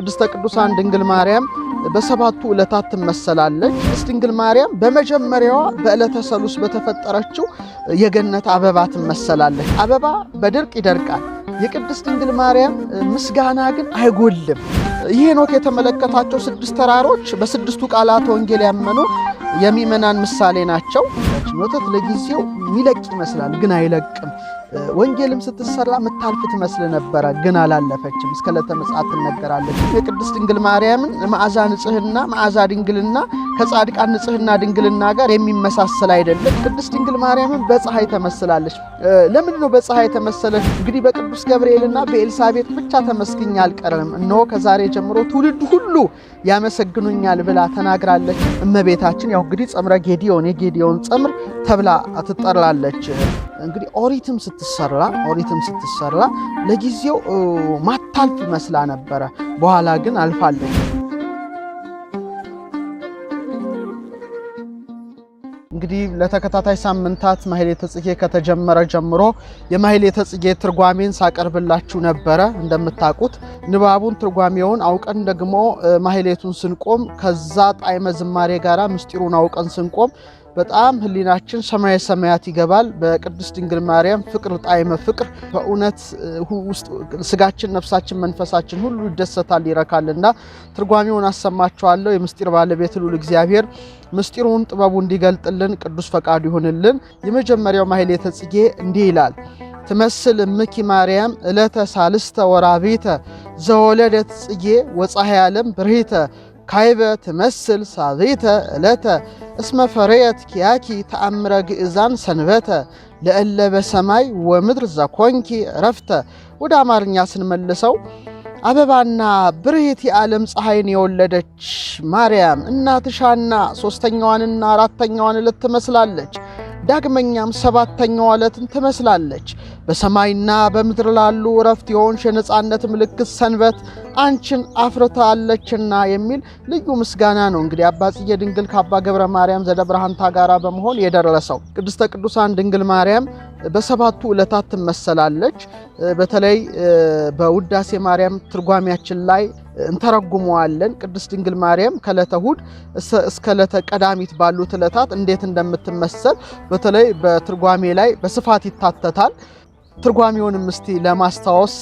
ቅድስተ ቅዱሳን ድንግል ማርያም በሰባቱ ዕለታት ትመሰላለች። ቅድስት ድንግል ማርያም በመጀመሪያዋ በዕለተ ሰሉስ በተፈጠረችው የገነት አበባ ትመሰላለች። አበባ በድርቅ ይደርቃል። የቅድስት ድንግል ማርያም ምስጋና ግን አይጎልም። ይሄኖክ የተመለከታቸው ስድስት ተራሮች በስድስቱ ቃላት ወንጌል ያመኑ የሚመናን ምሳሌ ናቸው። ወተት ለጊዜው የሚለቅ ይመስላል፣ ግን አይለቅም። ወንጌልም ስትሰራ የምታልፍ ትመስል ነበረ፣ ግን አላለፈችም። እስከ ዕለተ ምጽአት ትነገራለች። የቅድስት ድንግል ማርያምን መዓዛ ንጽህና፣ መዓዛ ድንግልና ከጻድቃን ንጽህና ድንግልና ጋር የሚመሳሰል አይደለም። ቅድስት ድንግል ማርያምን በፀሐይ ተመስላለች። ለምንድን ነው በፀሐይ ተመሰለች? እንግዲህ በቅዱስ ገብርኤልና በኤልሳቤጥ ብቻ ተመስግኛ አልቀረም፣ እነሆ ከዛሬ ጀምሮ ትውልድ ሁሉ ያመሰግኑኛል ብላ ተናግራለች። እመቤታችን ያው እንግዲህ ጸምረ ጌዲዮን የጌዲዮን ጸምር ተብላ ትጠራለች። እንግዲህ ኦሪትም ስትሰራ ኦሪትም ስትሰራ ለጊዜው ማታልፍ መስላ ነበረ። በኋላ ግን አልፋለኝ እንግዲህ ለተከታታይ ሳምንታት ማህሌተ ጽጌ ከተጀመረ ጀምሮ የማህሌተ ጽጌ ትርጓሜን ሳቀርብላችሁ ነበረ። እንደምታውቁት ንባቡን ትርጓሜውን አውቀን ደግሞ ማህሌቱን ስንቆም ከዛ ጣዕመ ዝማሬ ጋራ ምስጢሩን አውቀን ስንቆም በጣም ህሊናችን ሰማየ ሰማያት ይገባል። በቅድስት ድንግል ማርያም ፍቅር ጣዕመ ፍቅር በእውነት ውስጥ ስጋችን፣ ነፍሳችን፣ መንፈሳችን ሁሉ ይደሰታል ይረካልና ትርጓሜውን አሰማችኋለሁ። የምስጢር ባለቤት ልዑል እግዚአብሔር ምስጢሩን ጥበቡ እንዲገልጥልን ቅዱስ ፈቃዱ ይሁንልን። የመጀመሪያው ማሕሌተ ጽጌ እንዲህ ይላል ትመስል እምኪ ማርያም እለተ ሳልስተ ወራቤተ ዘወለደት ጽጌ ወፀሐይ ዓለም ብርሂተ ካይበ ትመስል ሳቤተ እለተ እስመ ፈረየት ኪያኪ ተአምረ ግእዛን ሰንበተ ለእለ በሰማይ ወምድር ዘኮንኪ ረፍተ። ወደ አማርኛ ስንመልሰው አበባና ብርህት የዓለም ፀሐይን የወለደች ማርያም እናትሻና ሶስተኛዋንና አራተኛዋን ዕለት ትመስላለች። ዳግመኛም ሰባተኛዋ ዕለትን ትመስላለች። በሰማይና በምድር ላሉ እረፍት የሆንሽ የነፃነት ምልክት ሰንበት አንቺን አፍርታለችና የሚል ልዩ ምስጋና ነው። እንግዲህ አባጽዬ ድንግል ከአባ ገብረ ማርያም ዘደብረ ሐንታ ጋራ በመሆን የደረሰው ቅድስተ ቅዱሳን ድንግል ማርያም በሰባቱ ዕለታት ትመሰላለች። በተለይ በውዳሴ ማርያም ትርጓሚያችን ላይ እንተረጉመዋለን። ቅድስት ድንግል ማርያም ከዕለተ ሁድ እስከ ዕለተ ቀዳሚት ባሉት ዕለታት እንዴት እንደምትመሰል በተለይ በትርጓሜ ላይ በስፋት ይታተታል። ትርጓሜውንም እስቲ ለማስታወስ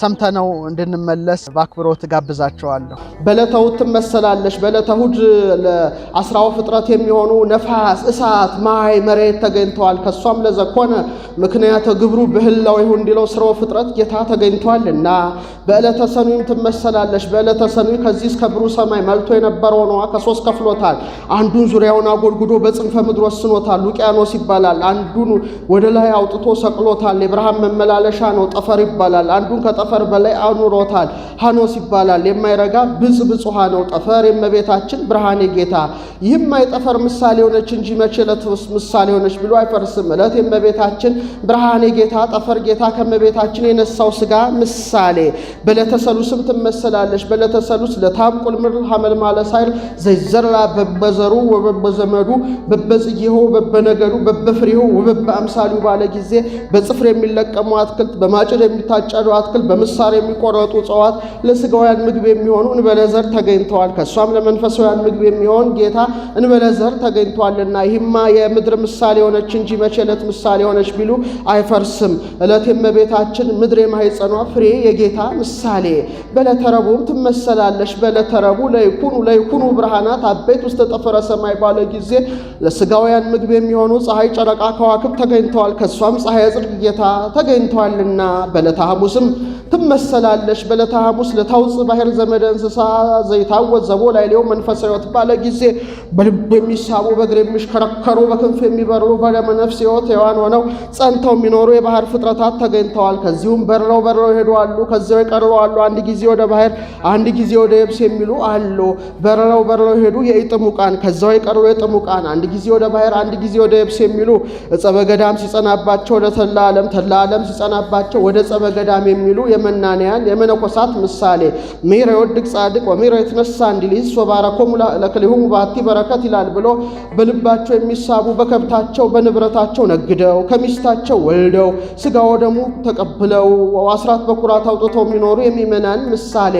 ሰምተነው እንድንመለስ በአክብሮት ጋብዛቸዋለሁ። በዕለተ እሑድ ትመሰላለች። በዕለተ እሑድ ለአስራው ፍጥረት የሚሆኑ ነፋስ፣ እሳት፣ ማይ፣ መሬት ተገኝተዋል። ከእሷም ለዘኮነ ምክንያተ ግብሩ ብህላው ይሁን እንዲለው ስራው ፍጥረት ጌታ ተገኝተዋል እና በዕለተ ሰኑይም ትመሰላለች። በዕለተ ሰኑይ ከዚህ እስከ ብሩ ሰማይ መልቶ የነበረው ነዋ ከሶስት ከፍሎታል። አንዱን ዙሪያውን አጎልጉዶ በጽንፈ ምድር ወስኖታል። ውቅያኖስ ይባላል። አንዱን ወደ ላይ አውጥቶ ሰቅሎታል። የብርሃን መመላለሻ ነው፣ ጠፈር ይባላል። አንዱን ከጠፈር በላይ አኑሮታል። ሐኖስ ይባላል። የማይረጋ ብጽ ብጹሃ ነው ጠፈር የመቤታችን ብርሃኔ ጌታ። ይህም አይጠፈር ምሳሌ ሆነች እንጂ መቼ ለትውስ ምሳሌ ሆነች ብሎ አይፈርስም። እለት የመቤታችን ብርሃኔ ጌታ ጠፈር ጌታ ከመቤታችን የነሳው ስጋ ምሳሌ በለተሰሉስም ትመሰላለች። በለተሰሉስ ለታምቁል ምር ሐመል ማለሳይል ዘይዘራ በበዘሩ ወበበዘመዱ በበጽየሆ በበነገዱ በበፍሬሆ ወበበአምሳሉ ባለ ጊዜ በጽፍር የሚለቀሙ አትክልት በማጭድ የሚታጨዱ አትክልት በምሳር የሚቆረጡ እጽዋት ለስጋውያን ምግብ የሚሆኑ እንበለዘር ተገኝተዋል። ከእሷም ለመንፈሳውያን ምግብ የሚሆን ጌታ እንበለዘር ተገኝቷልና ይህማ የምድር ምሳሌ የሆነች እንጂ መቼ ዕለት ምሳሌ የሆነች ቢሉ አይፈርስም። ዕለት የመቤታችን ምድር የማይጸኗ ፍሬ የጌታ ምሳሌ በለተረቡም ትመሰላለች። በለተረቡ ለይኩኑ ለይኩኑ ብርሃናት አበይት ውስጥ ጠፈረ ሰማይ ባለ ጊዜ ለስጋውያን ምግብ የሚሆኑ ፀሐይ፣ ጨረቃ፣ ከዋክብ ተገኝተዋል። ከእሷም ፀሐይ ጽድቅ ጌታ ተገኝተዋልና በለተ ሐሙስም ትመሰላለሽ በዕለተ ሐሙስ ለታውፅ ባሕር ዘመደ እንስሳ ዘይታወት ዘቦ ላይ ሌው መንፈሰ ሕይወት ባለ ጊዜ በልብ የሚሳቡ በእግር የሚሽከረከሩ በክንፍ የሚበሩ በደመነፍስ ሕይወት ሕያዋን ሆነው ጸንተው የሚኖሩ የባህር ፍጥረታት ተገኝተዋል። ከዚሁም በረው በረው ይሄዱ አሉ፣ ከዚያው የቀረው አሉ፣ አንድ ጊዜ ወደ ባህር፣ አንድ ጊዜ ወደ የብስ የሚሉ አሉ። በረው በረው ይሄዱ የኢጥሙቃን ከዚያው የቀረው የጥሙቃን አንድ ጊዜ ወደ ባህር፣ አንድ ጊዜ ወደ የብስ የሚሉ እጸበገዳም ሲጸናባቸው ወደ ተላ ዓለም ተላ ዓለም ሲጸናባቸው ወደ ጸበገዳም የሚሉ የመናንያን የመነኮሳት ምሳሌ ምሕረ የወድቅ ጻድቅ ወምሕረ የተነሳ እንዲልዝ ሶባረኮሙ ለክልሁሙ ባቲ በረከት ይላል ብሎ በልባቸው የሚሳቡ በከብታቸው በንብረታቸው ነግደው ከሚስታቸው ወልደው ስጋ ወደሙ ተቀብለው አስራት በኩራት አውጥተው የሚኖሩ የሚመናን ምሳሌ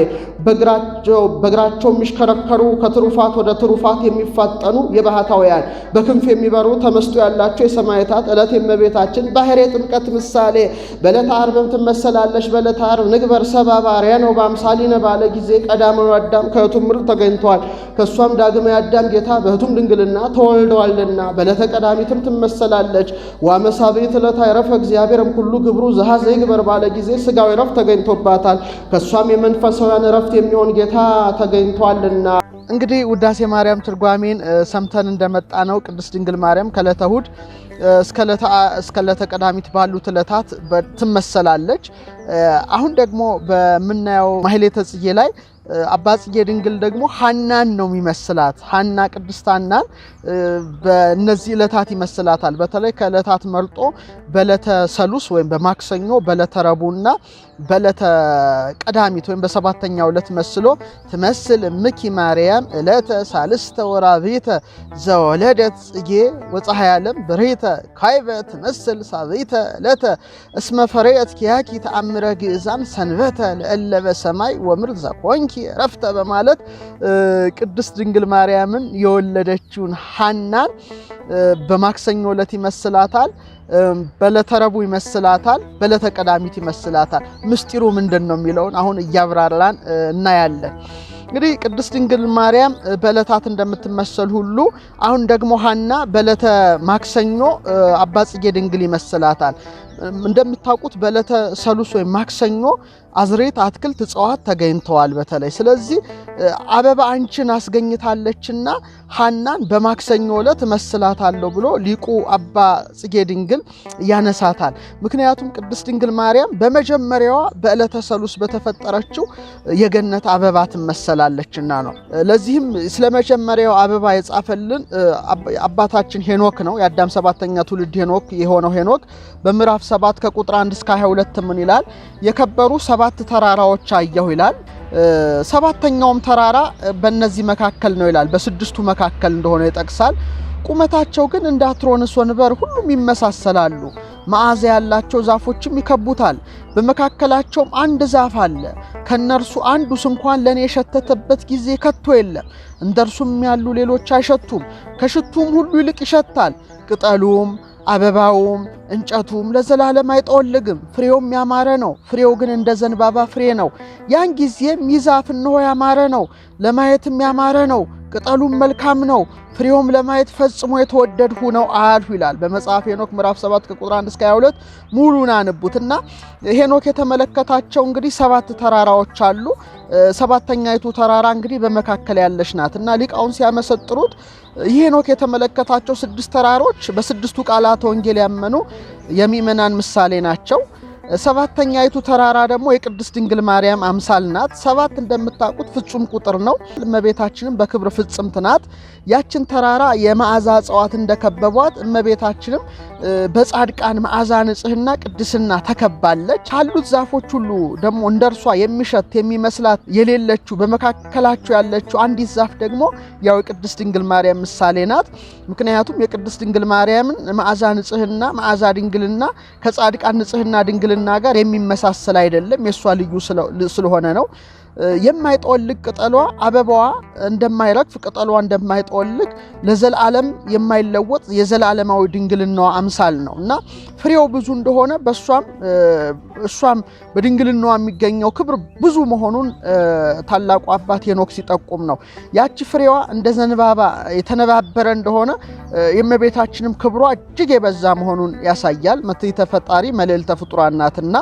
በእግራቸው የሚሽከረከሩ ከትሩፋት ወደ ትሩፋት የሚፋጠኑ የባህታውያን በክንፍ የሚበሩ ተመስጦ ያላቸው የሰማዕታት ዕለት የመቤታችን ባሕርየ ጥምቀት ምሳሌ በዕለተ ዓርብም ትመሰላለች በዕለተ አርብ ንግበር ሰብአ በአርአያነ ወበአምሳሊነ ባለ ጊዜ ቀዳማዊ አዳም ከሕቱም ምርጥ ተገኝቷል። ከእሷም ዳግመ አዳም ጌታ በህቱም ድንግልና ተወልደዋልና በዕለተ ቀዳሚትም ትመሰላለች። ወአመሳቤት ዕለት አይረፈ እግዚአብሔርም ሁሉ ግብሩ ዘሐዘ ይግበር ባለ ጊዜ ሥጋዊ ረፍት ተገኝቶባታል። ከእሷም የመንፈሳውያን ረፍት የሚሆን ጌታ ተገኝቷልና። እንግዲህ ውዳሴ ማርያም ትርጓሜን ሰምተን እንደመጣ ነው። ቅድስት ድንግል ማርያም ከዕለተ እሑድ እስከ ዕለተ ቀዳሚት ባሉት ዕለታት ትመሰላለች። አሁን ደግሞ በምናየው ማህሌተ ጽጌ ላይ አባጽጌ ድንግል ደግሞ ሀናን ነው የሚመስላት። ሀና ቅድስት ሀናን በእነዚህ ይመስላታል። በተለይ ከእለታት መርጦ በለተ ሰሉስ ወይም በማክሰኞ በለተ ረቡዕና በለተ ቀዳሚት ወይም በሰባተኛው ዕለት መስሎ ትመስል ምኪ ማርያም ዕለተ ሳልስተ ወራብዕተ ዘወለደት ጽጌ ወፀሐይ ዓለም ብሬተ ካይበ ትመስል ሳብዕተ ዕለተ እስመ ፈሬየት ኪያኪ ተአምረ ግእዛን ሰንበተ ለእለበ ሰማይ ወምር ዘኮንኪ ረፍተ በማለት ቅድስት ድንግል ማርያምን የወለደችውን ሀናን በማክሰኞ ዕለት ይመስላታል። በለተረቡ ይመስላታል። በለተቀዳሚት ይመስላታል። ምስጢሩ ምንድን ነው የሚለውን አሁን እያብራራን እናያለን። እንግዲህ ቅድስት ድንግል ማርያም በዕለታት እንደምትመሰል ሁሉ አሁን ደግሞ ሀና በዕለተ ማክሰኞ አባጽጌ ድንግል ይመስላታል። እንደምታውቁት በዕለተ ሰሉስ ወይም ማክሰኞ አዝሬት አትክልት እጽዋት ተገኝተዋል። በተለይ ስለዚህ አበባ አንቺን አስገኝታለችና ሀናን በማክሰኞ ዕለት እመስላታለሁ ብሎ ሊቁ አባ ጽጌ ድንግል ያነሳታል። ምክንያቱም ቅድስት ድንግል ማርያም በመጀመሪያዋ በዕለተ ሰሉስ በተፈጠረችው የገነት አበባ ትመሰላለችና ነው። ለዚህም ስለ መጀመሪያው አበባ የጻፈልን አባታችን ሄኖክ ነው። የአዳም ሰባተኛ ትውልድ ሄኖክ የሆነው ሄኖክ በምዕራፍ ሰባት ከቁጥር አንድ እስከ 22 ምን ይላል? የከበሩ ሰባ ሰባት ተራራዎች አየሁ ይላል። ሰባተኛውም ተራራ በእነዚህ መካከል ነው ይላል። በስድስቱ መካከል እንደሆነ ይጠቅሳል። ቁመታቸው ግን እንደ አትሮንስ ወንበር ሁሉም ይመሳሰላሉ። መዓዛ ያላቸው ዛፎችም ይከቡታል። በመካከላቸውም አንድ ዛፍ አለ። ከእነርሱ አንዱ እንኳን ለእኔ የሸተተበት ጊዜ ከቶ የለም። እንደ እርሱም ያሉ ሌሎች አይሸቱም። ከሽቱም ሁሉ ይልቅ ይሸታል። ቅጠሉም አበባውም እንጨቱም ለዘላለም አይጠወልግም፣ ፍሬውም ያማረ ነው። ፍሬው ግን እንደ ዘንባባ ፍሬ ነው። ያን ጊዜም ይህ ዛፍ እነሆ ያማረ ነው፣ ለማየትም ያማረ ነው፣ ቅጠሉም መልካም ነው፣ ፍሬውም ለማየት ፈጽሞ የተወደድሁ ነው አልሁ ይላል በመጽሐፍ ሄኖክ ምዕራፍ 7 ቁጥር 1 እስከ 22 ሙሉን አንቡትና ሄኖክ የተመለከታቸው እንግዲህ ሰባት ተራራዎች አሉ። ሰባተኛይቱ ተራራ እንግዲህ በመካከል ያለች ናት እና ሊቃውን ሲያመሰጥሩት ሄኖክ የተመለከታቸው ስድስት ተራሮች በስድስቱ ቃላት ወንጌል ያመኑ የሚመናን ምሳሌ ናቸው። ሰባተኛይቱ ተራራ ደግሞ የቅድስት ድንግል ማርያም አምሳል ናት። ሰባት እንደምታውቁት ፍጹም ቁጥር ነው። እመቤታችንም በክብር ፍጽምት ናት። ያችን ተራራ የመዓዛ እጽዋት እንደከበቧት እመቤታችንም በጻድቃን መዓዛ ንጽህና ቅድስና ተከባለች። ካሉት ዛፎች ሁሉ ደግሞ እንደ እርሷ የሚሸት የሚመስላት የሌለችው በመካከላቸው ያለችው አንዲት ዛፍ ደግሞ ያው የቅድስት ድንግል ማርያም ምሳሌ ናት። ምክንያቱም የቅድስት ድንግል ማርያምን መዓዛ ንጽህና መዓዛ ድንግልና ከጻድቃን ንጽህና ድንግልና ጋር የሚመሳሰል አይደለም፣ የእሷ ልዩ ስለሆነ ነው። የማይጠወልግ ቅጠሏ አበባዋ እንደማይረግፍ ቅጠሏ እንደማይጠወልግ ለዘላለም የማይለወጥ የዘላለማዊ ድንግልናዋ አምሳል ነው እና ፍሬው ብዙ እንደሆነ በእሷም እሷም በድንግልናዋ የሚገኘው ክብር ብዙ መሆኑን ታላቁ አባት ሄኖክ ሲጠቁም ነው። ያቺ ፍሬዋ እንደ ዘንባባ የተነባበረ እንደሆነ የእመቤታችንም ክብሯ እጅግ የበዛ መሆኑን ያሳያል። መትሕተ ፈጣሪ መልዕልተ ፍጡራን ናትና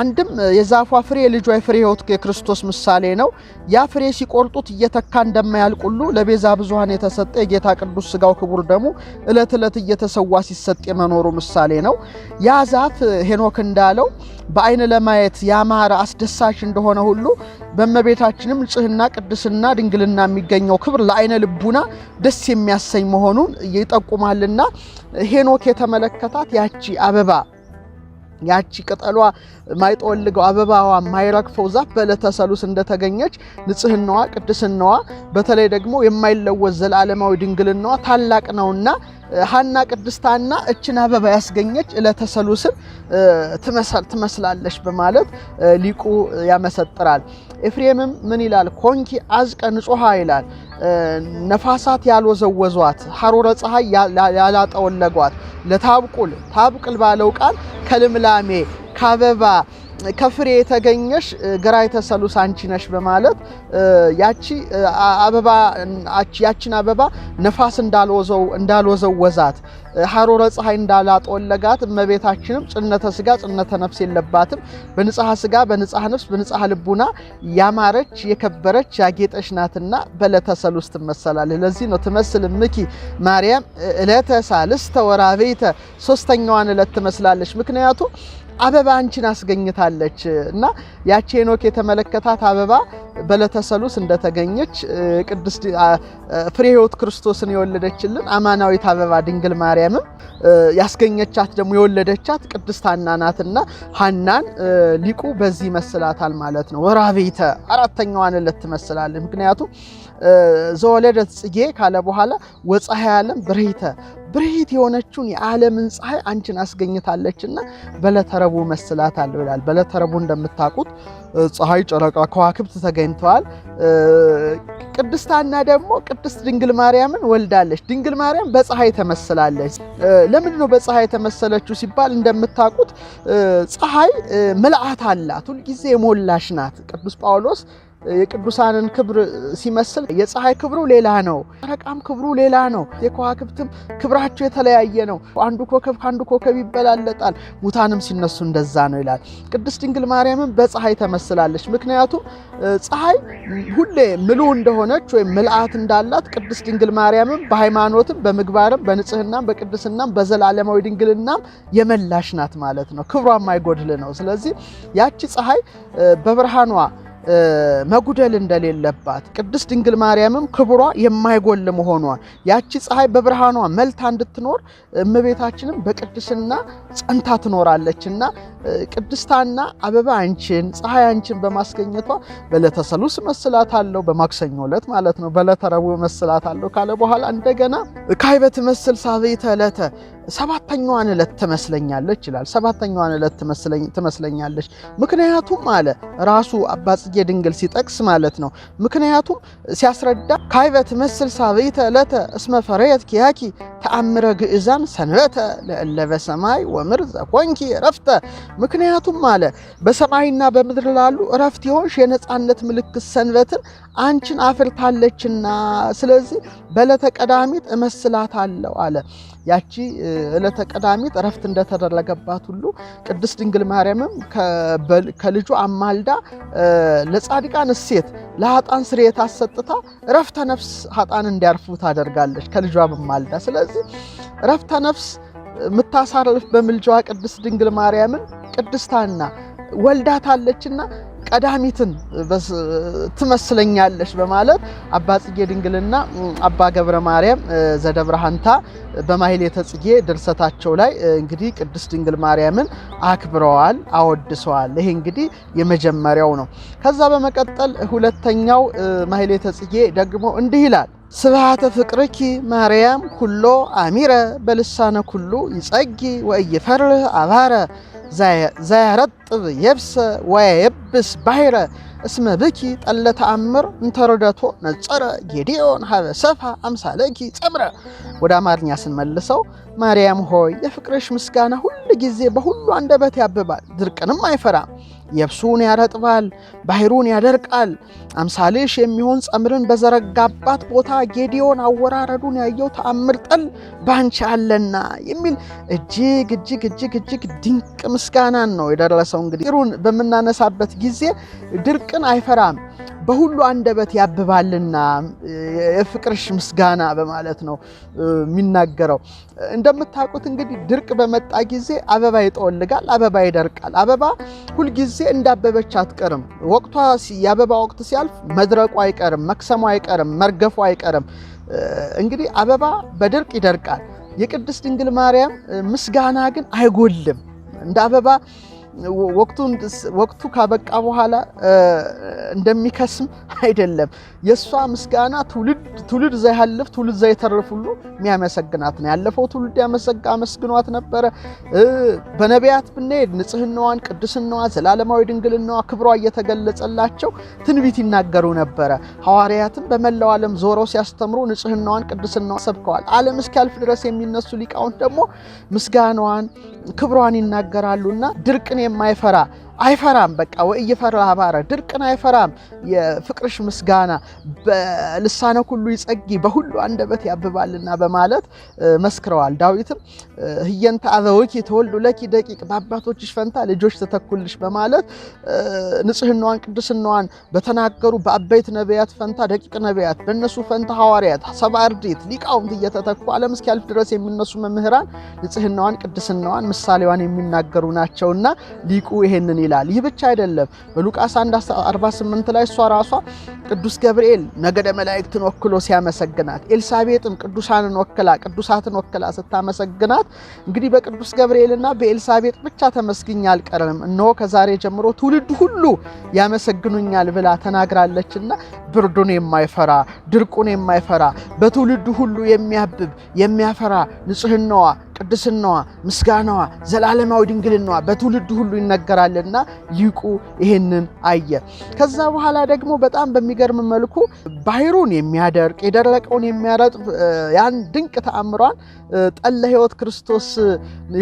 አንድም የዛፏ ፍሬ የልጇ የፍሬ ህይወት የክርስቶስ ምሳሌ ነው። ያ ፍሬ ሲቆርጡት እየተካ እንደማያልቅ ሁሉ ለቤዛ ብዙሀን የተሰጠ የጌታ ቅዱስ ስጋው ክቡር ደሙ እለት እለት እየተሰዋ ሲሰጥ የመኖሩ ምሳሌ ነው። ያ ዛፍ ሄኖክ እንዳለው በአይን ለማየት ያማረ አስደሳች እንደሆነ ሁሉ በእመቤታችንም ንጽህና ቅድስና፣ ድንግልና የሚገኘው ክብር ለአይነ ልቡና ደስ የሚያሰኝ መሆኑን ይጠቁማልና ሄኖክ የተመለከታት ያቺ አበባ ያቺ ቅጠሏ ማይጠወልገው አበባዋ ማይረግፈው ዛፍ በዕለተ ሰሉስ እንደተገኘች ንጽህናዋ፣ ቅድስናዋ በተለይ ደግሞ የማይለወዝ ዘላለማዊ ድንግልናዋ ታላቅ ነውና ሀና ቅድስታና እችን አበባ ያስገኘች እለተሰሉስን ትመስላለች በማለት ሊቁ ያመሰጥራል። ኤፍሬምም ምን ይላል? ኮንኪ አዝቀ ንጹሃ ይላል። ነፋሳት ያልወዘወዟት ሐሮረ ፀሐይ ያላጠወለጓት ለታብቁል ታብቅል ባለው ቃል ከልምላሜ ከአበባ ከፍሬ የተገኘሽ ግራ የተሰሉስ አንቺ ነሽ በማለት ያቺ አበባ ያቺን አበባ ነፋስ እንዳልወዘው እንዳልወዘው ወዛት ሐሮረ ፀሐይ እንዳላጠወለጋት እመቤታችንም ጽነተ ስጋ ጽነተ ነፍስ የለባትም። በንጽሐ ስጋ በንጽሐ ነፍስ በንጽሐ ልቡና ያማረች የከበረች ያጌጠች ናትና በዕለተ ሰሉስ ትመሰላለች። ለዚህ ነው ትመስል ምኪ ማርያም ዕለተ ሳልስተ ወራቤተ ሶስተኛዋን ዕለት ትመስላለች። ምክንያቱም አበባ አንቺን አስገኝታለች እና ያቺ ሄኖክ የተመለከታት አበባ በለተሰሉስ እንደተገኘች ቅድስት ፍሬ ሕይወት ክርስቶስን የወለደችልን አማናዊት አበባ ድንግል ማርያምም ያስገኘቻት ደግሞ የወለደቻት ቅድስት ሐና ናትና ሐናን ሊቁ በዚህ ይመስላታል ማለት ነው። ወራቤተ አራተኛዋን ዕለት ትመስላለች። ምክንያቱም ዘወለደት ጽጌ ካለ በኋላ ወፀሐይ ዓለም ብርሂተ ብርሂት የሆነችውን የዓለምን ፀሐይ አንቺን አስገኝታለችና በለተረቡ መስላታል ብላል። በለተረቡ እንደምታውቁት ፀሐይ፣ ጨረቃ፣ ከዋክብት ተገኝተዋል። ቅድስታና ደግሞ ቅድስት ድንግል ማርያምን ወልዳለች። ድንግል ማርያም በፀሐይ ተመስላለች። ለምንድን ነው በፀሐይ የተመሰለችው ሲባል እንደምታውቁት ፀሐይ ምልአት አላት፣ ሁልጊዜ የሞላሽ ናት። ቅዱስ ጳውሎስ የቅዱሳንን ክብር ሲመስል የፀሐይ ክብሩ ሌላ ነው፣ ጨረቃም ክብሩ ሌላ ነው፣ የከዋክብትም ክብራቸው የተለያየ ነው። አንዱ ኮከብ ከአንዱ ኮከብ ይበላለጣል፣ ሙታንም ሲነሱ እንደዛ ነው ይላል። ቅድስት ድንግል ማርያምም በፀሐይ ተመስላለች። ምክንያቱም ፀሐይ ሁሌ ምሉ እንደሆነች ወይም ምልአት እንዳላት ቅድስት ድንግል ማርያምም በሃይማኖትም በምግባርም በንጽህናም በቅድስናም በዘላለማዊ ድንግልናም የመላሽ ናት ማለት ነው። ክብሯ የማይጎድል ነው። ስለዚህ ያቺ ፀሐይ በብርሃኗ መጉደል እንደሌለባት ቅድስት ድንግል ማርያምም ክብሯ የማይጎል መሆኗ ያቺ ፀሐይ በብርሃኗ መልታ እንድትኖር እመቤታችንም በቅድስና ጸንታ ትኖራለችና ቅድስታና አበባ አንቺን ፀሐይ አንቺን በማስገኘቷ በዕለተ ሰሉስ መስላት አለው በማክሰኞ ዕለት ማለት ነው። በዕለተ ረቡዕ መስላት አለው ካለ በኋላ እንደገና ካይበት መስል ሳቤተ ዕለተ ሰባተኛዋን ዕለት ትመስለኛለች ይላል። ሰባተኛዋን ዕለት ትመስለኛለች። ምክንያቱም አለ ራሱ አባጽጌ ድንግል ሲጠቅስ ማለት ነው። ምክንያቱም ሲያስረዳ ካይበ ትመስል ሳበይተ ዕለተ እስመ ፈረየት ኪያኪ ተአምረ ግእዛን ሰንበተ ለእለበ ሰማይ ወምር ዘኮንኪ ረፍተ። ምክንያቱም አለ በሰማይና በምድር ላሉ እረፍት የሆንሽ የነፃነት ምልክት ሰንበትን አንቺን አፍርታለችና፣ ስለዚህ በዕለተ ቀዳሚት እመስላታለሁ አለ ያቺ ዕለተ ቀዳሚት እረፍት እንደተደረገባት ሁሉ ቅድስት ድንግል ማርያምም ከልጁ አማልዳ ለጻድቃን እሴት ለሀጣን ስርየት አሰጥታ እረፍተ ነፍስ ሀጣን እንዲያርፉ ታደርጋለች ከልጇ አማልዳ። ስለዚህ እረፍተ ነፍስ የምታሳርፍ በምልጃዋ ቅድስት ድንግል ማርያምን ቅድስታና ወልዳታለችና ቀዳሚትን ትመስለኛለች በማለት አባ ጽጌ ድንግልና አባ ገብረ ማርያም ዘደብረሃንታ ሐንታ በማሕሌተ ጽጌ ድርሰታቸው ላይ እንግዲህ ቅድስት ድንግል ማርያምን አክብረዋል፣ አወድሰዋል። ይሄ እንግዲህ የመጀመሪያው ነው። ከዛ በመቀጠል ሁለተኛው ማሕሌተ ጽጌ ደግሞ እንዲህ ይላል። ስብሃተ ፍቅርኪ ማርያም ኩሎ አሚረ በልሳነ ኩሉ ይጸጊ ወእይፈርህ አባረ ዘያረጥብ የብሰ ወያየብስ ባሕረ እስመ ብኪ ጠለ ተአምር እንተረደቶ ነጸረ ጌዲዮን ሀበ ሰፋ አምሳለኪ ጸምረ። ወደ አማርኛ ስንመልሰው ማርያም ሆይ የፍቅርሽ ምስጋና ሁል ጊዜ በሁሉ አንደበት ያብባል፣ ድርቅንም አይፈራም። የብሱን ያረጥባል፣ ባህሩን ያደርቃል። አምሳልሽ የሚሆን ጸምርን በዘረጋባት ቦታ ጌዲዮን አወራረዱን ያየው ተአምር ጠል ባንቺ አለና የሚል እጅግ እጅግ እጅግ እጅግ ድንቅ ምስጋናን ነው የደረሰው። እንግዲህ ሩን በምናነሳበት ጊዜ ድርቅን አይፈራም በሁሉ አንደበት ያብባልና የፍቅርሽ ምስጋና በማለት ነው የሚናገረው። እንደምታውቁት እንግዲህ ድርቅ በመጣ ጊዜ አበባ ይጠወልጋል፣ አበባ ይደርቃል። አበባ ሁልጊዜ እንዳበበች አትቀርም። ወቅቷ የአበባ ወቅት ሲያልፍ መድረቁ አይቀርም፣ መክሰሙ አይቀርም፣ መርገፉ አይቀርም። እንግዲህ አበባ በድርቅ ይደርቃል። የቅድስት ድንግል ማርያም ምስጋና ግን አይጎልም እንደ አበባ ወቅቱ ካበቃ በኋላ እንደሚከስም አይደለም። የእሷ ምስጋና ትውልድ ዘያልፍ ትውልድ ዘይተርፍ ሁሉ የሚያመሰግናት ነው። ያለፈው ትውልድ ያመሰጋ አመስግኗት ነበረ። በነቢያት ብንሄድ ንጽሕናዋን፣ ቅድስናዋ፣ ዘላለማዊ ድንግልናዋ፣ ክብሯ እየተገለጸላቸው ትንቢት ይናገሩ ነበረ። ሐዋርያትም በመላው ዓለም ዞረው ሲያስተምሩ ንጽሕናዋን፣ ቅድስናዋ ሰብከዋል። ዓለም እስኪያልፍ ድረስ የሚነሱ ሊቃውንት ደግሞ ምስጋናዋን፣ ክብሯን ይናገራሉና ድርቅን የማይፈራ አይፈራም። በቃ ወይ ወኢይፈራ አባረ ድርቅን አይፈራም። የፍቅርሽ ምስጋና በልሳነ ሁሉ ይጸጊ በሁሉ አንደበት ያብባልና በማለት መስክረዋል። ዳዊትም ህየንተ አበወኪ ተወልዱ ለኪ ደቂቅ በአባቶችሽ ፈንታ ልጆች ተተኩልሽ በማለት ንጽህናዋን ቅድስናዋን በተናገሩ በአበይት ነቢያት ፈንታ ደቂቅ ነቢያት፣ በእነሱ ፈንታ ሐዋርያት፣ ሰብአ እርድእት፣ ሊቃውንት እየተተኩ ዓለም እስኪያልፍ ድረስ የሚነሱ መምህራን ንጽህናዋን፣ ቅድስናዋን፣ ምሳሌዋን የሚናገሩ ናቸውና ሊቁ ይሄንን ይላል። ይህ ብቻ አይደለም። በሉቃስ 1:48 ላይ እሷ ራሷ ቅዱስ ገብርኤል ነገደ መላእክትን ወክሎ ሲያመሰግናት፣ ኤልሳቤጥም ቅዱሳንን ወክላ ቅዱሳትን ወክላ ስታመሰግናት፣ እንግዲህ በቅዱስ ገብርኤልና በኤልሳቤጥ ብቻ ተመስግኛ አልቀርም፣ እነሆ ከዛሬ ጀምሮ ትውልድ ሁሉ ያመሰግኑኛል ብላ ተናግራለችና ብርዱን የማይፈራ ድርቁን የማይፈራ በትውልዱ ሁሉ የሚያብብ የሚያፈራ ንጽህናዋ ቅድስናዋ፣ ምስጋናዋ፣ ዘላለማዊ ድንግልናዋ በትውልድ ሁሉ ይነገራልና ሊቁ ይሄንን አየ። ከዛ በኋላ ደግሞ በጣም በሚገርም መልኩ ባህሩን የሚያደርቅ የደረቀውን የሚያረጥ ያን ድንቅ ተአምሯን ጠለ ሕይወት ክርስቶስ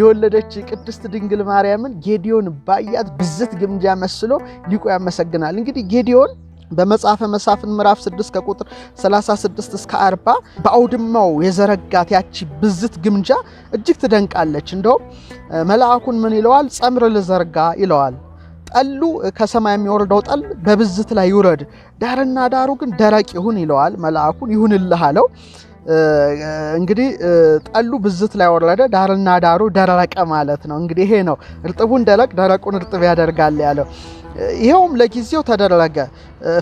የወለደች ቅድስት ድንግል ማርያምን ጌዲዮን ባያት ብዝት ግምጃ መስሎ ሊቁ ያመሰግናል። እንግዲህ ጌዲዮን በመጽሐፈ መሳፍን ምዕራፍ 6 ከቁጥር 36 እስከ 40 በአውድማው የዘረጋት ያቺ ብዝት ግምጃ እጅግ ትደንቃለች። እንደውም መልአኩን ምን ይለዋል? ጸምር ልዘርጋ ይለዋል። ጠሉ ከሰማይ የሚወርደው ጠል በብዝት ላይ ይውረድ፣ ዳርና ዳሩ ግን ደረቅ ይሁን ይለዋል። መልአኩን ይሁንልህ አለው። እንግዲህ ጠሉ ብዝት ላይ ወረደ፣ ዳርና ዳሩ ደረቀ ማለት ነው። እንግዲህ ይሄ ነው እርጥቡን ደረቅ፣ ደረቁን እርጥብ ያደርጋል ያለው ይኸውም ለጊዜው ተደረገ።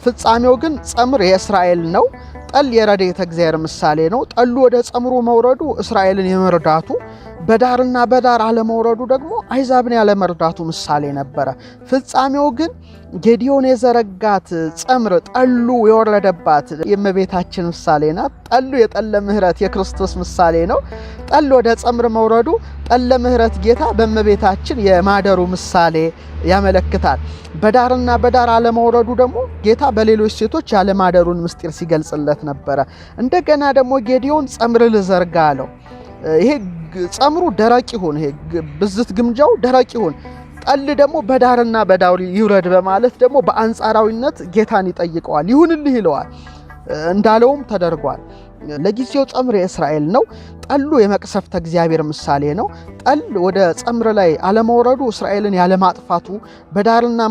ፍጻሜው ግን ጸምር የእስራኤል ነው። ጠል የረድኤተ እግዚአብሔር ምሳሌ ነው። ጠሉ ወደ ጸምሩ መውረዱ እስራኤልን የመርዳቱ በዳርና በዳር አለመውረዱ ደግሞ አይዛብን ያለመርዳቱ ምሳሌ ነበረ። ፍጻሜው ግን ጌዲዮን የዘረጋት ጸምር ጠሉ የወረደባት የእመቤታችን ምሳሌ ናት። ጠሉ የጠለ ምሕረት የክርስቶስ ምሳሌ ነው። ጠል ወደ ጸምር መውረዱ ጠለ ምሕረት ጌታ በእመቤታችን የማደሩ ምሳሌ ያመለክታል። በዳርና በዳር አለመውረዱ ደግሞ ጌታ በሌሎች ሴቶች ያለማደሩን ምስጢር ሲገልጽለት ነበረ። እንደገና ደግሞ ጌዲዮን ጸምር ልዘርጋ አለው። ይሄ ጸምሩ ደረቅ ይሁን፣ ይሄ ብዝት ግምጃው ደረቅ ይሁን፣ ጠል ደግሞ በዳርና በዳውሪ ይውረድ በማለት ደግሞ በአንጻራዊነት ጌታን ይጠይቀዋል። ይሁንልህ ይለዋል። እንዳለውም ተደርጓል። ለጊዜው ጸምር የእስራኤል ነው። ጠሉ የመቅሰፍተ እግዚአብሔር ምሳሌ ነው። ጠል ወደ ጸምር ላይ አለመውረዱ እስራኤልን ያለማጥፋቱ፣ በዳርና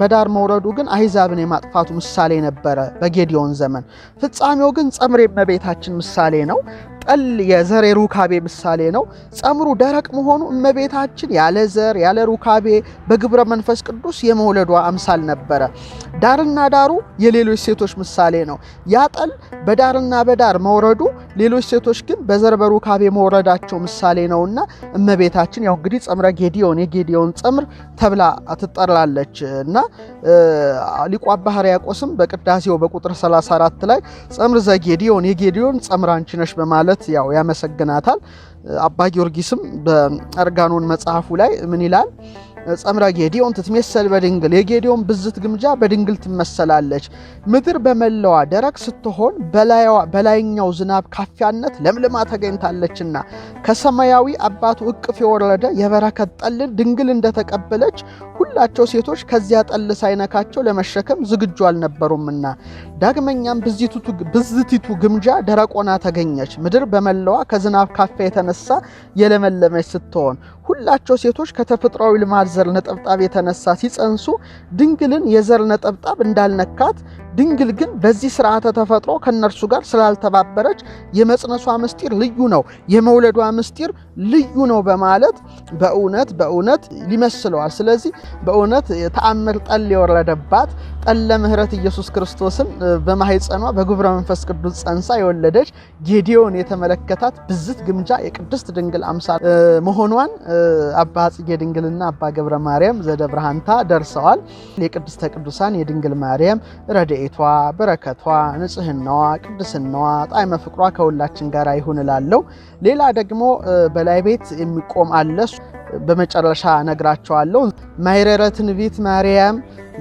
በዳር መውረዱ ግን አሕዛብን የማጥፋቱ ምሳሌ ነበረ በጌዲዮን ዘመን። ፍጻሜው ግን ጸምር የእመቤታችን ምሳሌ ነው። ጠል የዘሬ ሩካቤ ምሳሌ ነው። ጸምሩ ደረቅ መሆኑ እመቤታችን ያለ ዘር ያለ ሩካቤ በግብረ መንፈስ ቅዱስ የመውለዷ አምሳል ነበረ። ዳርና ዳሩ የሌሎች ሴቶች ምሳሌ ነው። ያ ጠል በዳርና በዳር መውረዱ፣ ሌሎች ሴቶች ግን በዘር በሩካቤ መውረዳቸው ምሳሌ ነውና እመቤታችን ያው እንግዲህ ጸምረ ጌዲዮን የጌዲዮን ጸምር ተብላ ትጠራለች እና ሊቁ አባ ሕርያቆስም በቅዳሴው በቁጥር 34 ላይ ጸምር ዘጌዲዮን የጌዲዮን ጸምር አንቺ ነሽ በማለት በማለት ያው ያመሰግናታል። አባ ጊዮርጊስም በአርጋኖን መጽሐፉ ላይ ምን ይላል? ጸምረ ጌዲዮን ትትመሰል በድንግል የጌዲዮን ብዝት ግምጃ በድንግል ትመሰላለች። ምድር በመላዋ ደረቅ ስትሆን በላይኛው ዝናብ ካፊያነት ለምልማ ተገኝታለችና ከሰማያዊ አባቱ እቅፍ የወረደ የበረከት ጠልን ድንግል እንደተቀበለች ሁላቸው ሴቶች ከዚያ ጠል ሳይነካቸው ለመሸከም ዝግጁ አልነበሩምና። ዳግመኛም ብዝቲቱ ግምጃ ደረቆና ተገኘች። ምድር በመለዋ ከዝናብ ካፋ የተነሳ የለመለመች ስትሆን ሁላቸው ሴቶች ከተፈጥሯዊ ልማድ ዘር ነጠብጣብ የተነሳ ሲጸንሱ ድንግልን የዘር ነጠብጣብ እንዳልነካት ድንግል ግን በዚህ ስርዓተ ተፈጥሮ ከእነርሱ ጋር ስላልተባበረች የመጽነሷ ምስጢር ልዩ ነው፣ የመውለዷ ምስጢር ልዩ ነው በማለት በእውነት በእውነት ሊመስለዋል። ስለዚህ በእውነት ተአምር ጠል የወረደባት ጠለ ምሕረት ኢየሱስ ክርስቶስን በማህፀኗ በግብረ መንፈስ ቅዱስ ጸንሳ የወለደች ጌዲዮን የተመለከታት ብዝት ግምጃ የቅድስት ድንግል አምሳል መሆኗን አባ ጽጌ ድንግልና አባ ገብረ ማርያም ዘደብረሃንታ ደርሰዋል። የቅድስተ ቅዱሳን የድንግል ማርያም ረድኤ ረድኤቷ፣ በረከቷ፣ ንጽህናዋ፣ ቅድስናዋ፣ ጣዕመ ፍቅሯ ከሁላችን ጋር ይሁን እላለሁ። ሌላ ደግሞ በላይ ቤት የሚቆም አለ። በመጨረሻ ነግራቸዋለሁ። ማይረረትን ቤት ማርያም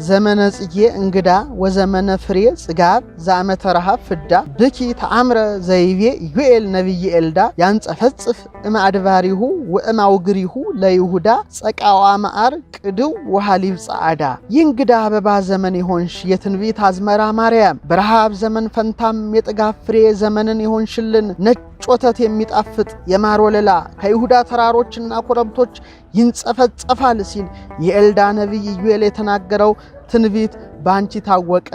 ዘመነ ጽጌ እንግዳ ወዘመነ ፍሬ ጽጋር ዘአመተ ረሃብ ፍዳ ብኪ ተአምረ ዘይቤ ዩኤል ነቢይ ኤልዳ ያንጸፈጽፍ እም አድባሪሁ ለይሁዳ ጸቃዋ መዓር ቅድው ወሃሊብ ጸዓዳ ይንግዳ አበባ ዘመን የሆንሽ የትንቢት አዝመራ ማርያም በረሃብ ዘመን ፈንታም የጥጋብ ፍሬ ዘመንን የሆንሽልን ነጭ ጮተት የሚጣፍጥ የማር ወለላ ከይሁዳ ተራሮችና ኮረብቶች ይንጸፈጸፋል ሲል የኤልዳ ነቢይ ኢዩኤል የተናገረው ትንቢት በአንቺ ታወቀ፣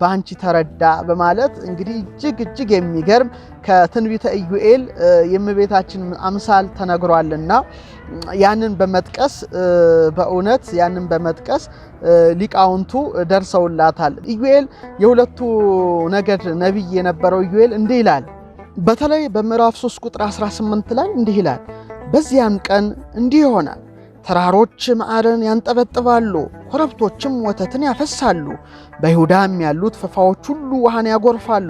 በአንቺ ተረዳ በማለት እንግዲህ እጅግ እጅግ የሚገርም ከትንቢተ ኢዩኤል የእመቤታችን አምሳል ተነግሯልና ያንን በመጥቀስ በእውነት ያንን በመጥቀስ ሊቃውንቱ ደርሰውላታል። ኢዩኤል የሁለቱ ነገድ ነቢይ የነበረው ኢዩኤል እንዲህ ይላል በተለይ በምዕራፍ 3 ቁጥር 18 ላይ እንዲህ ይላል፣ በዚያም ቀን እንዲህ ይሆናል ተራሮች ማዕርን ያንጠበጥባሉ፣ ኮረብቶችም ወተትን ያፈሳሉ፣ በይሁዳም ያሉት ፈፋዎች ሁሉ ውሃን ያጎርፋሉ፣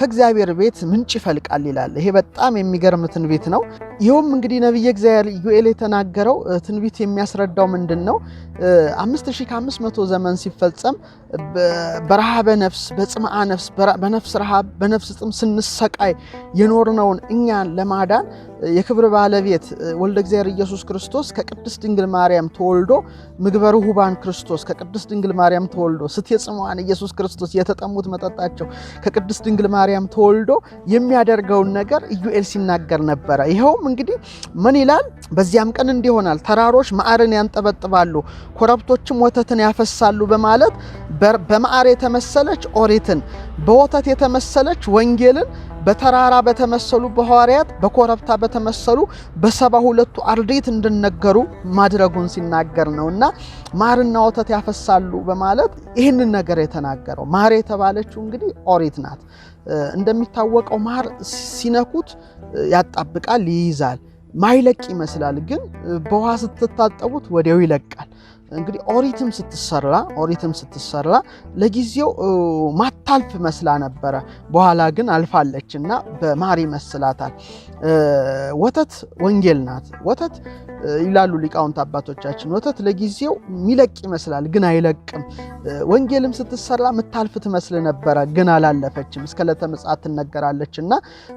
ከእግዚአብሔር ቤት ምንጭ ይፈልቃል ይላል። ይሄ በጣም የሚገርም ትንቢት ነው። ይኸውም እንግዲህ ነቢየ እግዚአብሔር ዩኤል የተናገረው ትንቢት የሚያስረዳው ምንድን ነው? 5500 ዘመን ሲፈጸም በረሃበ ነፍስ፣ በጽምአ ነፍስ፣ በነፍስ ረሃብ፣ በነፍስ ጥም ስንሰቃይ የኖርነውን እኛን ለማዳን የክብር ባለቤት ወልደ እግዚአብሔር ኢየሱስ ክርስቶስ ከቅድስት ድንግል ማርያም ተወልዶ ምግበ ርሁባን ክርስቶስ ከቅድስት ድንግል ማርያም ተወልዶ ስትየ ጽምዋን ኢየሱስ ክርስቶስ የተጠሙት መጠጣቸው ከቅድስት ድንግል ማርያም ማርያም ተወልዶ የሚያደርገውን ነገር ኢዩኤል ሲናገር ነበረ። ይኸውም እንግዲህ ምን ይላል? በዚያም ቀን እንዲሆናል ተራሮች ማዕርን ያንጠበጥባሉ፣ ኮረብቶችም ወተትን ያፈሳሉ በማለት በማዕር የተመሰለች ኦሪትን በወተት የተመሰለች ወንጌልን በተራራ በተመሰሉ በሐዋርያት በኮረብታ በተመሰሉ በሰባ ሁለቱ አርድእት እንዲነገሩ ማድረጉን ሲናገር ነው እና ማርና ወተት ያፈሳሉ በማለት ይህንን ነገር የተናገረው ማር የተባለችው እንግዲህ ኦሪት ናት። እንደሚታወቀው ማር ሲነኩት ያጣብቃል፣ ይይዛል። ማይለቅ ይመስላል፣ ግን በውሃ ስትታጠቡት ወዲያው ይለቃል። እንግዲህ ኦሪትም ስትሰራ ኦሪትም ስትሰራ ለጊዜው ማታልፍ መስላ ነበረ። በኋላ ግን አልፋለች እና በማር ይመስላታል። ወተት ወንጌል ናት። ወተት ይላሉ ሊቃውንት አባቶቻችን። ወተት ለጊዜው የሚለቅ ይመስላል፣ ግን አይለቅም። ወንጌልም ስትሰራ ምታልፍ ትመስል ነበረ፣ ግን አላለፈችም። እስከ ዕለተ ምጽአት ትነገራለች እና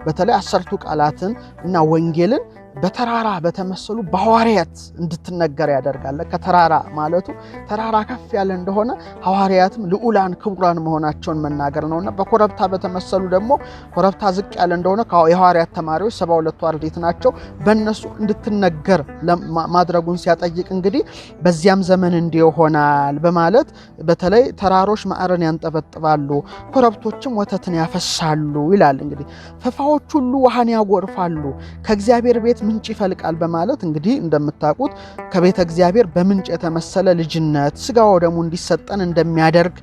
በተለይ አሰርቱ ቃላትን እና ወንጌልን በተራራ በተመሰሉ በሐዋርያት እንድትነገር ያደርጋለ። ከተራራ ማለቱ ተራራ ከፍ ያለ እንደሆነ ሐዋርያትም ልዑላን ክቡራን መሆናቸውን መናገር ነውና፣ በኮረብታ በተመሰሉ ደግሞ ኮረብታ ዝቅ ያለ እንደሆነ የሐዋርያት ተማሪዎች ሰባ ሁለቱ አርድእት ናቸው። በእነሱ እንድትነገር ማድረጉን ሲያጠይቅ እንግዲህ በዚያም ዘመን እንዲህ ይሆናል በማለት በተለይ ተራሮች ማዕረን ያንጠበጥባሉ፣ ኮረብቶችም ወተትን ያፈሳሉ ይላል። እንግዲህ ፈፋዎች ሁሉ ውሃን ያጎርፋሉ ከእግዚአብሔር ቤት ምንጭ ይፈልቃል በማለት እንግዲህ እንደምታውቁት ከቤተ እግዚአብሔር በምንጭ የተመሰለ ልጅነት ስጋው ደግሞ እንዲሰጠን እንደሚያደርግ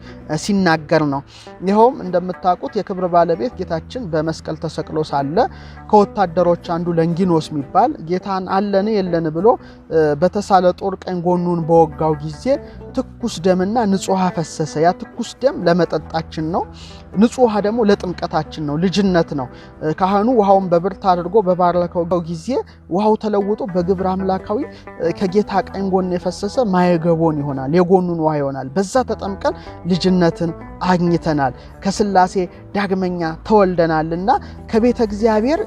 ሲናገር ነው። ይኸውም እንደምታውቁት የክብር ባለቤት ጌታችን በመስቀል ተሰቅሎ ሳለ ከወታደሮች አንዱ ለንጊኖስ የሚባል ጌታን አለን የለን ብሎ በተሳለ ጦር ቀኝ ጎኑን በወጋው ጊዜ ትኩስ ደምና ንጹሕ ፈሰሰ። ያ ትኩስ ደም ለመጠጣችን ነው። ንጹሕ ውሃ ደግሞ ለጥምቀታችን ነው። ልጅነት ነው። ካህኑ ውሃውን በብርት አድርጎ በባረከው ጊዜ ውሃው ተለውጦ በግብር አምላካዊ ከጌታ ቀኝ ጎን የፈሰሰ ማየገቦን ይሆናል፣ የጎኑን ውሃ ይሆናል። በዛ ተጠምቀን ልጅነትን አግኝተናል። ከስላሴ ዳግመኛ ተወልደናልና ከቤተ እግዚአብሔር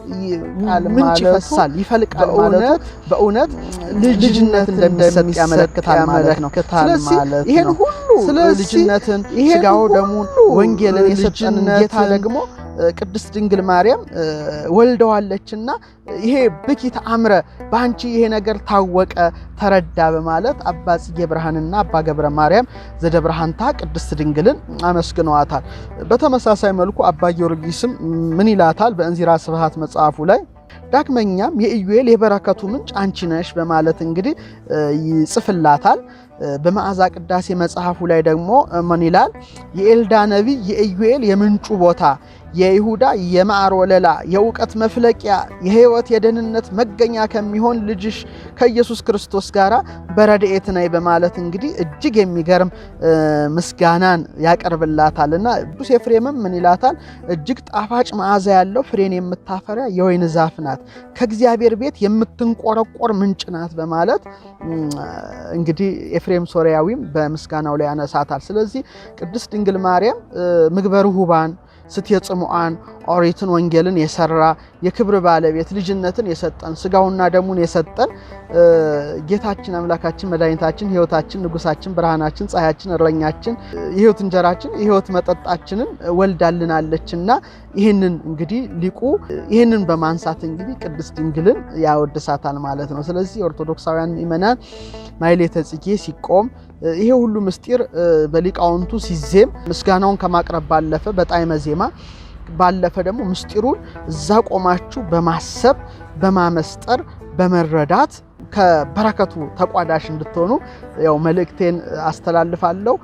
ምንጭ ይፈሳል ይፈልቃል ማለት በእውነት ልጅነት እንደሚሰጥ ያመለክታል ማለት ነው። ስለዚህ ይሄን ሁሉ ልጅነትን፣ ስጋው ደሙን፣ ወንጌልን የሰጠን ጌታ ደግሞ ቅድስት ድንግል ማርያም ወልደዋለችና ይሄ ብኪ ተአምረ በአንቺ ይሄ ነገር ታወቀ ተረዳ በማለት አባ ጽጌ ብርሃንና አባ ገብረ ማርያም ዘደብርሃንታ ቅድስት ድንግልን አመስግነዋታል። በተመሳሳይ መልኩ መልኩ አባ ጊዮርጊስም ምን ይላታል? በእንዚራ ስብሐት መጽሐፉ ላይ ዳግመኛም የኢዩኤል የበረከቱ ምንጭ አንቺ ነሽ በማለት እንግዲህ ይጽፍላታል። በመዓዛ ቅዳሴ መጽሐፉ ላይ ደግሞ ምን ይላል? የኤልዳ ነቢይ የኢዩኤል የምንጩ ቦታ የይሁዳ የማር ወለላ የእውቀት መፍለቂያ የህይወት የደህንነት መገኛ ከሚሆን ልጅሽ ከኢየሱስ ክርስቶስ ጋር በረድኤት ነይ በማለት እንግዲህ እጅግ የሚገርም ምስጋናን ያቀርብላታል እና ቅዱስ ኤፍሬምም ምን ይላታል? እጅግ ጣፋጭ መዓዛ ያለው ፍሬን የምታፈራ የወይን ዛፍ ናት፣ ከእግዚአብሔር ቤት የምትንቆረቆር ምንጭ ናት በማለት እንግዲህ ኤፍሬም ሶሪያዊም በምስጋናው ላይ ያነሳታል። ስለዚህ ቅድስት ድንግል ማርያም ምግበር ሁባን ስትየጽሙዓን ኦሪትን ወንጌልን የሰራ የክብር ባለቤት ልጅነትን የሰጠን ስጋውና ደሙን የሰጠን ጌታችን አምላካችን መድኃኒታችን ህይወታችን፣ ንጉሳችን ብርሃናችን ፀሐያችን እረኛችን የሕይወት እንጀራችን የሕይወት መጠጣችንን ወልዳልናለችና ይህንን እንግዲህ ሊቁ ይህንን በማንሳት እንግዲህ ቅድስት ድንግልን ያወድሳታል ማለት ነው። ስለዚህ ኦርቶዶክሳውያን ምእመናን ማሕሌተ ጽጌ ሲቆም ይሄ ሁሉ ምስጢር በሊቃውንቱ ሲዜም ምስጋናውን ከማቅረብ ባለፈ በጣዕመ ዜማ ባለፈ ደግሞ ምስጢሩን እዛ ቆማችሁ በማሰብ በማመስጠር በመረዳት ከበረከቱ ተቋዳሽ እንድትሆኑ ያው መልእክቴን አስተላልፋለሁ።